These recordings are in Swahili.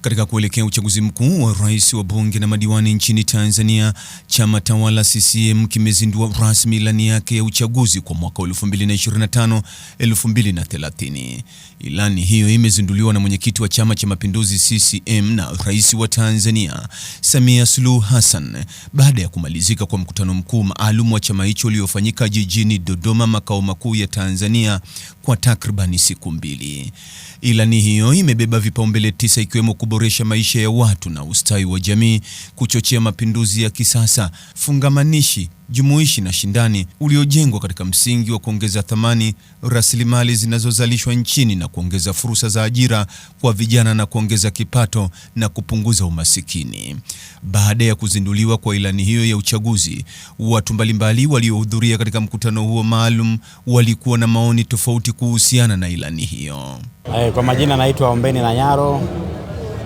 Katika kuelekea uchaguzi mkuu wa rais wa bunge na madiwani nchini Tanzania, chama tawala CCM kimezindua rasmi ilani yake ya uchaguzi kwa mwaka 2025 2030. Ilani hiyo imezinduliwa na mwenyekiti wa Chama cha Mapinduzi CCM na rais wa Tanzania Samia Suluhu Hassan baada ya kumalizika kwa mkutano mkuu maalum wa chama hicho uliofanyika jijini Dodoma, makao makuu ya Tanzania, kwa takribani siku mbili. Ilani hiyo imebeba vipaumbele tisa ikiwemo kuboresha maisha ya watu na ustawi wa jamii, kuchochea mapinduzi ya kisasa fungamanishi, jumuishi na shindani uliojengwa katika msingi wa kuongeza thamani rasilimali zinazozalishwa nchini na kuongeza fursa za ajira kwa vijana na kuongeza kipato na kupunguza umasikini. Baada ya kuzinduliwa kwa ilani hiyo ya uchaguzi, watu mbalimbali waliohudhuria katika mkutano huo maalum walikuwa na maoni tofauti kuhusiana na ilani hiyo. Eh, kwa majina naitwa Ombeni Nanyaro,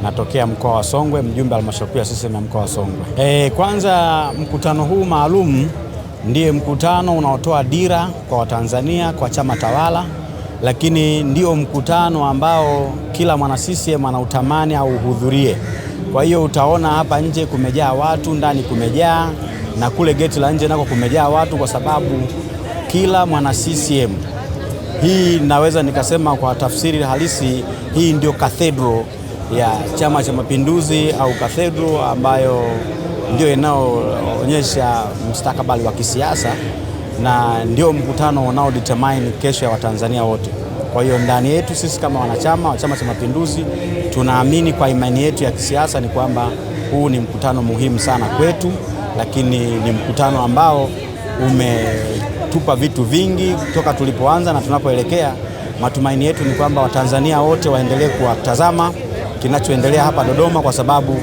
natokea mkoa wa Songwe, mjumbe halmashauri ya CCM ya mkoa wa Songwe. E, kwanza mkutano huu maalum ndiye mkutano unaotoa dira kwa Watanzania kwa chama tawala, lakini ndio mkutano ambao kila mwana CCM anautamani au uhudhurie. Kwa hiyo utaona hapa nje kumejaa watu, ndani kumejaa, na kule geti la nje nako kumejaa watu, kwa sababu kila mwana CCM hii, naweza nikasema kwa tafsiri halisi, hii ndio cathedral ya Chama cha Mapinduzi au kathedro ambayo ndio inaoonyesha mustakabali wa kisiasa na ndio mkutano unaodetermine kesho ya Watanzania wote. Kwa hiyo ndani yetu sisi kama wanachama wa Chama cha Mapinduzi tunaamini kwa imani yetu ya kisiasa ni kwamba huu ni mkutano muhimu sana kwetu, lakini ni mkutano ambao umetupa vitu vingi toka tulipoanza na tunapoelekea. Matumaini yetu ni kwamba Watanzania wote waendelee kuwatazama kinachoendelea hapa Dodoma, kwa sababu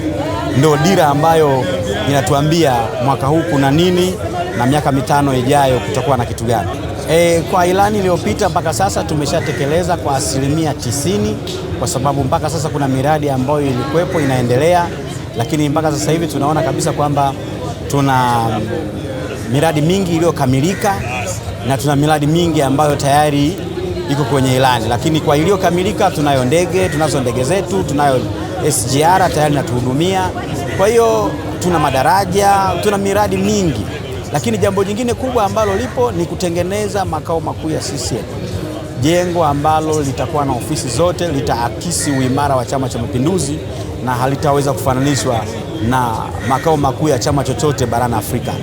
ndio dira ambayo inatuambia mwaka huu kuna nini na miaka mitano ijayo kutakuwa na kitu gani. E, kwa ilani iliyopita mpaka sasa tumeshatekeleza kwa asilimia tisini kwa sababu mpaka sasa kuna miradi ambayo ilikuwepo inaendelea, lakini mpaka sasa hivi tunaona kabisa kwamba tuna miradi mingi iliyokamilika na tuna miradi mingi ambayo tayari iko kwenye ilani, lakini kwa iliyokamilika tunayo ndege, tunazo ndege zetu, tunayo SGR tayari natuhudumia. Kwa hiyo tuna madaraja, tuna miradi mingi, lakini jambo jingine kubwa ambalo lipo ni kutengeneza makao makuu ya CCM, jengo ambalo litakuwa na ofisi zote, litaakisi uimara wa Chama cha Mapinduzi na halitaweza kufananishwa na makao makuu ya chama chochote barani Afrika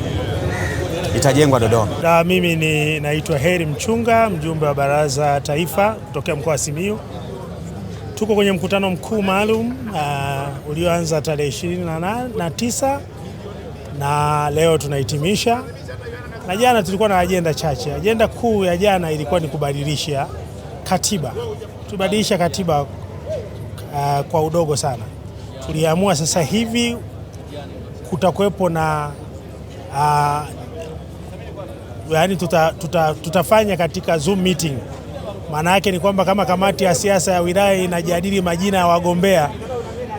itajengwa Dodoma. Na mimi ni naitwa Heri Mchunga, mjumbe wa Baraza Taifa kutokea mkoa wa Simiyu. Tuko kwenye mkutano mkuu maalum uh, ulioanza tarehe 29 na leo tunahitimisha, na jana tulikuwa na ajenda chache. Ajenda kuu ya jana ilikuwa ni kubadilisha katiba, tubadilisha katiba uh, kwa udogo sana. Tuliamua sasa hivi kutakuwepo na uh, yani tuta, tuta, tutafanya katika Zoom meeting. Maana yake ni kwamba kama kamati ya siasa ya wilaya inajadili majina ya wagombea,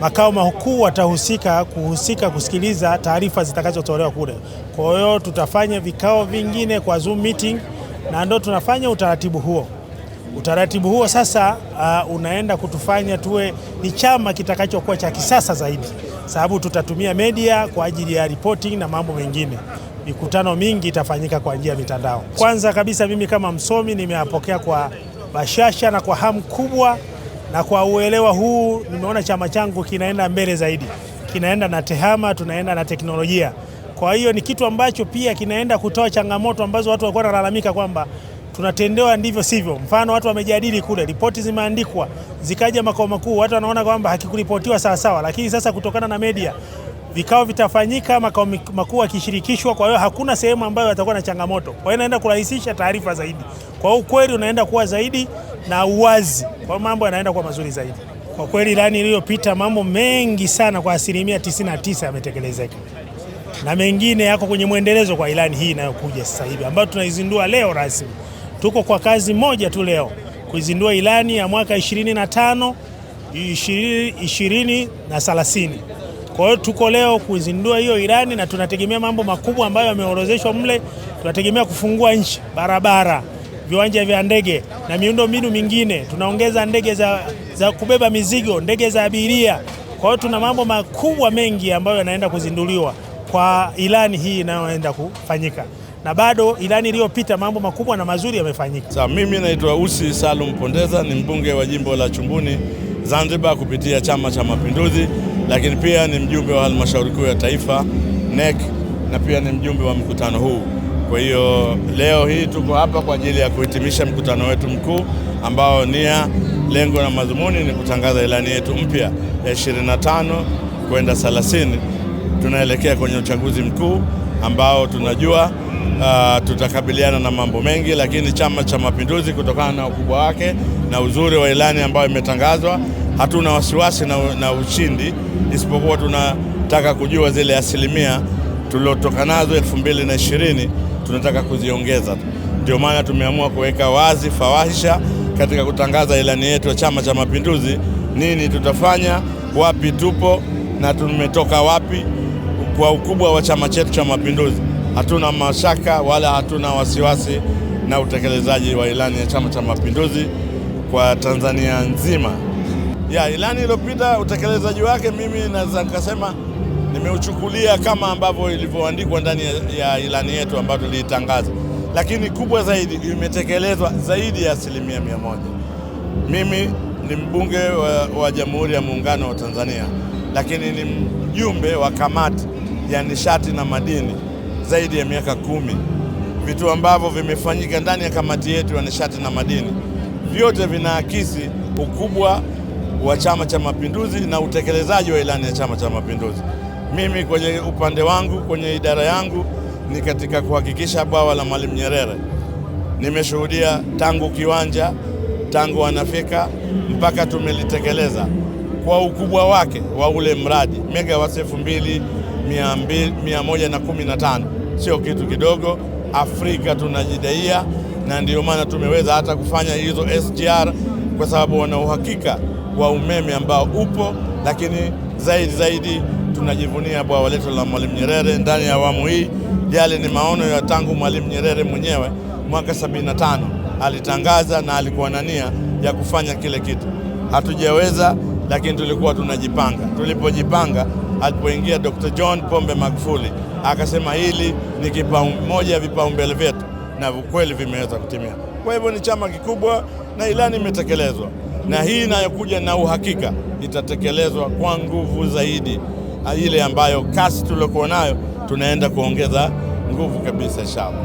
makao makuu watahusika kuhusika kusikiliza taarifa zitakazotolewa kule. Kwa hiyo tutafanya vikao vingine kwa Zoom meeting, na ndo tunafanya utaratibu huo. Utaratibu huo sasa uh, unaenda kutufanya tuwe ni chama kitakachokuwa cha kisasa zaidi, sababu tutatumia media kwa ajili ya reporting na mambo mengine mikutano mingi itafanyika kwa njia ya mitandao. Kwanza kabisa, mimi kama msomi nimeyapokea kwa bashasha na kwa hamu kubwa, na kwa uelewa huu nimeona chama changu kinaenda mbele zaidi, kinaenda na tehama, tunaenda na teknolojia. Kwa hiyo ni kitu ambacho pia kinaenda kutoa changamoto ambazo watu walikuwa wanalalamika kwamba tunatendewa ndivyo sivyo. Mfano, watu wamejadili kule, ripoti zimeandikwa zikaja makao makuu, watu wanaona kwamba hakikuripotiwa sawasawa, lakini sasa kutokana na media vikao vitafanyika makao makuu akishirikishwa Kwa hiyo hakuna sehemu ambayo yatakuwa na changamoto, kwa hiyo inaenda kurahisisha taarifa zaidi, kwa hiyo ukweli unaenda kuwa zaidi na uwazi, kwa hiyo mambo yanaenda kuwa mazuri zaidi. Kwa kweli ilani iliyopita mambo mengi sana kwa asilimia 99 yametekelezeka na mengine yako kwenye mwendelezo kwa ilani hii inayokuja sasa hivi ambayo tunaizindua leo rasmi. Tuko kwa kazi moja tu leo kuizindua ilani ya mwaka 25 20 na 30 kwa hiyo tuko leo kuzindua hiyo ilani na tunategemea mambo makubwa ambayo yameorozeshwa mle. Tunategemea kufungua nchi, barabara, viwanja vya ndege na miundo mbinu mingine. Tunaongeza ndege za, za kubeba mizigo, ndege za abiria. Kwa hiyo tuna mambo makubwa mengi ambayo yanaenda kuzinduliwa kwa ilani hii inayoenda kufanyika na bado ilani iliyopita mambo makubwa na mazuri yamefanyika. Sasa mimi naitwa Usi Salum Pondeza, ni mbunge wa jimbo la Chumbuni Zanzibar kupitia Chama cha Mapinduzi lakini pia ni mjumbe wa halmashauri kuu ya taifa NEC na pia ni mjumbe wa mkutano huu. Kwa hiyo leo hii tuko hapa kwa ajili ya kuhitimisha mkutano wetu mkuu ambao nia, lengo na madhumuni ni kutangaza ilani yetu mpya ya 25 kwenda 30. Tunaelekea kwenye uchaguzi mkuu ambao tunajua uh, tutakabiliana na mambo mengi, lakini Chama cha Mapinduzi kutokana na ukubwa wake na uzuri wa ilani ambayo imetangazwa hatuna wasiwasi na, na ushindi, isipokuwa tunataka kujua zile asilimia tuliotoka nazo elfu mbili na ishirini tunataka kuziongeza. Ndio maana tumeamua kuweka wazi fawahisha katika kutangaza ilani yetu ya Chama cha Mapinduzi, nini tutafanya, wapi tupo na tumetoka wapi. Kwa ukubwa wa chama chetu cha Mapinduzi, hatuna mashaka wala hatuna wasiwasi na utekelezaji wa ilani ya Chama cha Mapinduzi kwa Tanzania nzima ya ilani iliyopita utekelezaji wake, mimi naweza nikasema nimeuchukulia kama ambavyo ilivyoandikwa ndani ya ilani yetu ambayo tuliitangaza, lakini kubwa zaidi imetekelezwa zaidi ya asilimia mia moja. Mimi ni mbunge wa, wa Jamhuri ya Muungano wa Tanzania, lakini ni mjumbe wa kamati ya nishati na madini zaidi ya miaka kumi. Vitu ambavyo vimefanyika ndani ya kamati yetu ya nishati na madini vyote vinaakisi ukubwa wa Chama cha Mapinduzi na utekelezaji wa ilani ya Chama cha Mapinduzi. Mimi kwenye upande wangu, kwenye idara yangu ni katika kuhakikisha bwawa la Mwalimu Nyerere. Nimeshuhudia tangu kiwanja, tangu wanafika mpaka tumelitekeleza kwa ukubwa wake wa ule mradi megawati elfu mbili mia moja na kumi na tano sio kitu kidogo. Afrika tunajidaia, na ndiyo maana tumeweza hata kufanya hizo SGR kwa sababu wana uhakika wa umeme ambao upo, lakini zaidi zaidi tunajivunia bwawa letu la Mwalimu Nyerere ndani ya awamu hii. Yale ni maono ya tangu Mwalimu Nyerere mwenyewe mwaka 75 alitangaza na alikuwa na nia ya kufanya kile kitu. Hatujaweza, lakini tulikuwa tunajipanga. Tulipojipanga, alipoingia Dr. John Pombe Magufuli akasema hili ni kipaumoja ya vipaumbele vyetu, na ukweli vimeweza kutimia. Kwa hivyo ni chama kikubwa na ilani imetekelezwa na hii inayokuja na uhakika itatekelezwa kwa nguvu zaidi ile ambayo kasi tuliokuwa nayo, tunaenda kuongeza nguvu kabisa shaba.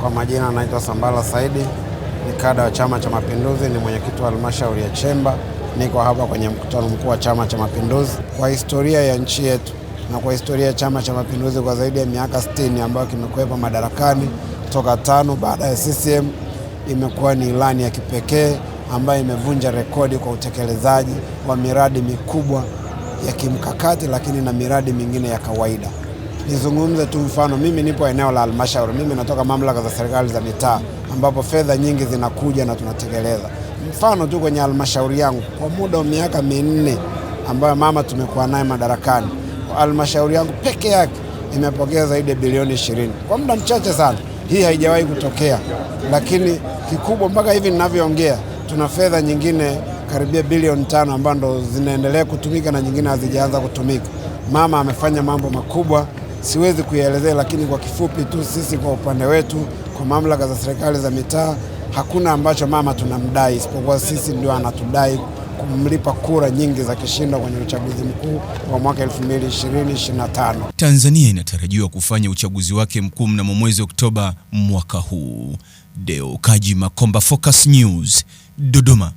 Kwa majina anaitwa Sambala Saidi, ni kada wa Chama cha Mapinduzi, ni mwenyekiti wa halmashauri ya Chemba. Niko hapa kwenye mkutano mkuu wa Chama cha Mapinduzi. Kwa historia ya nchi yetu na kwa historia ya Chama cha Mapinduzi kwa zaidi ya miaka 60 ambayo kimekuwepo madarakani toka tano baada ya CCM, imekuwa ni ilani ya kipekee ambayo imevunja rekodi kwa utekelezaji wa miradi mikubwa ya kimkakati, lakini na miradi mingine ya kawaida. Nizungumze tu mfano, mimi nipo eneo la halmashauri, mimi natoka mamlaka za serikali za mitaa, ambapo fedha nyingi zinakuja na tunatekeleza. Mfano tu kwenye halmashauri yangu, kwa muda wa miaka minne ambayo mama tumekuwa naye madarakani, halmashauri yangu peke yake imepokea zaidi ya bilioni ishirini kwa muda mchache sana. Hii haijawahi kutokea, lakini kikubwa mpaka hivi ninavyoongea tuna fedha nyingine karibia bilioni tano ambazo ndo zinaendelea kutumika na nyingine hazijaanza kutumika. Mama amefanya mambo makubwa, siwezi kuyaelezea, lakini kwa kifupi tu, sisi kwa upande wetu, kwa mamlaka za serikali za mitaa, hakuna ambacho mama tunamdai, isipokuwa sisi ndio anatudai kumlipa kura nyingi za kishindo kwenye uchaguzi mkuu wa mwaka 2025. Tanzania inatarajiwa kufanya uchaguzi wake mkuu mnamo mwezi Oktoba mwaka huu. Deo Kaji Makomba, Focus News, Dodoma.